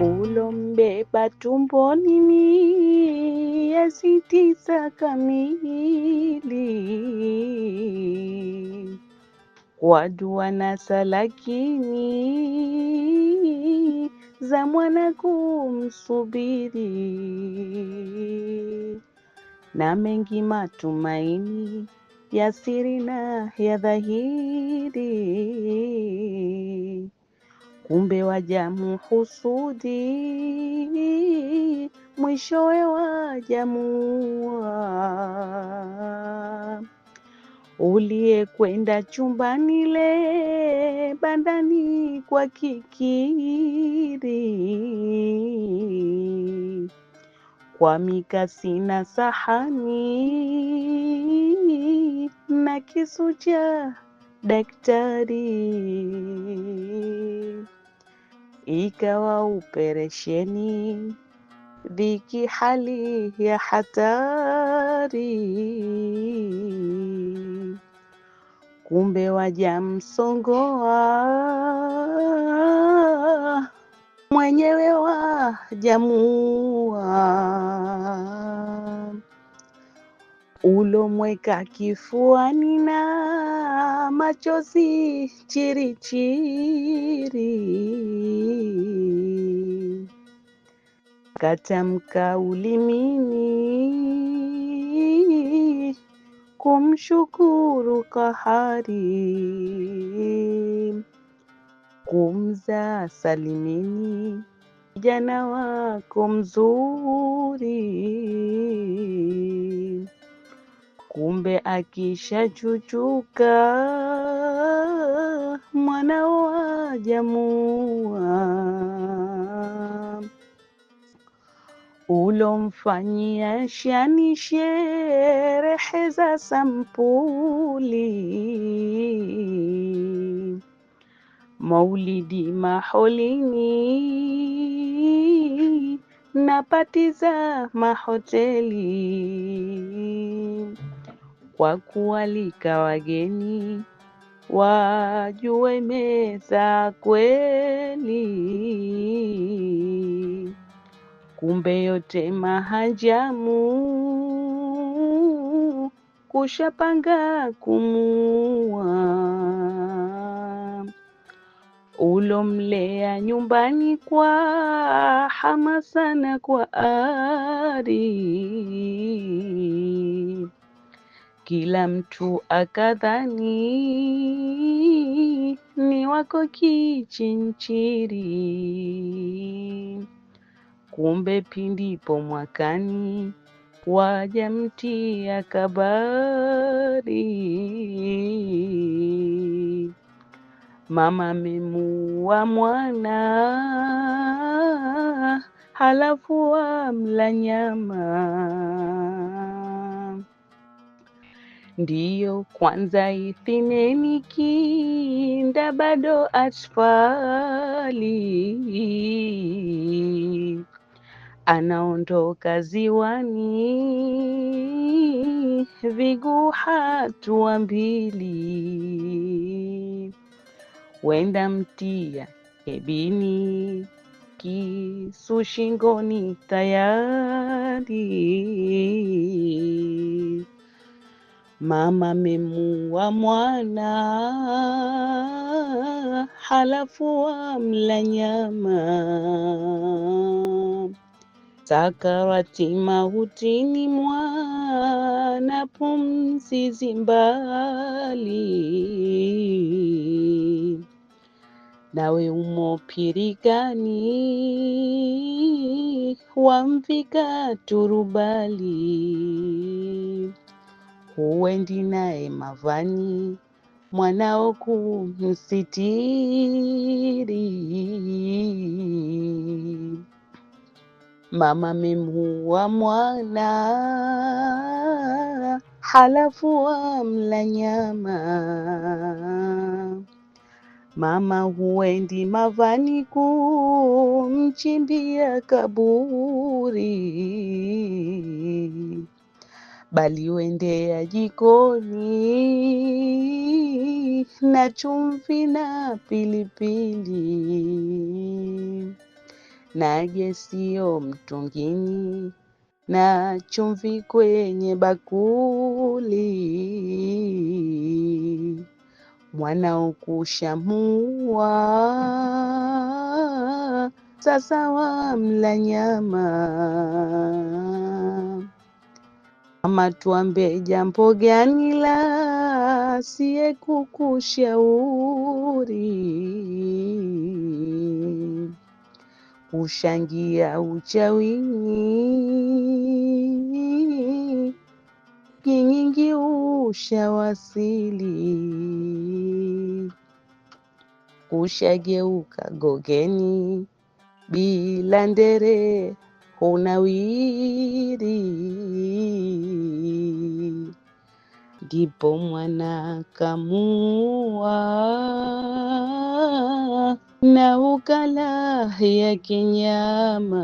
Ulombeba tumboni miezi tisa kamili kwa dua na salakini za mwana kumsubiri, na mengi matumaini ya siri na ya dhahiri, kumbe mhusudi mwishowe wajamua Uliyekwenda chumbani le bandani kwa kikiri, kwa mikasi na sahani na kisu cha daktari, ikawa uperesheni dhiki, hali ya hatari kumbe wajamsongoa, mwenyewe wa jamua ulomweka kifuani na machozi chirichiri, katamka ulimini kumshukuru Kahari, kumza salimini kijana wako mzuri, kumbe akishachuchuka wa jamua ulomfanyia shani sherehe za sampuli maulidi maholini na pati za mahoteli kwa kualika wageni wajue meza kweli kumbe yote mahajamu kushapanga kumua ulomlea nyumbani kwa hamasa na kwa ari, kila mtu akadhani ni wako kichinchiri kumbe pindi ipo mwakani, ya kabari, mama amemua mwana, halafu wamla nyama. Ndiyo kwanza ithineni, kinda bado atfali anaondoka ziwani, viguu hatua mbili, wenda mtia ebini, kisu shingoni tayari, mama memua mwana, halafu amla nyama Sakarati mautini mwana pumzi mbali, nawe umo pirigani, wamvika turubali, huendi naye mavani, mwanao kumsitiri Mama wa mwana, halafu amla nyama. Mama huendi mavani kumchimbia kaburi, bali huendea jikoni na chumvi na pilipili maji siyo mtungini na chumvi kwenye bakuli, mwana ukushamua sasa wamla nyama. Ama tuambe jambo gani la siye kukushauri kushangia uchawini kinyingi ushawasili kushageuka gogeni bila ndere hunawiri ndipo mwana kamua y kalah ya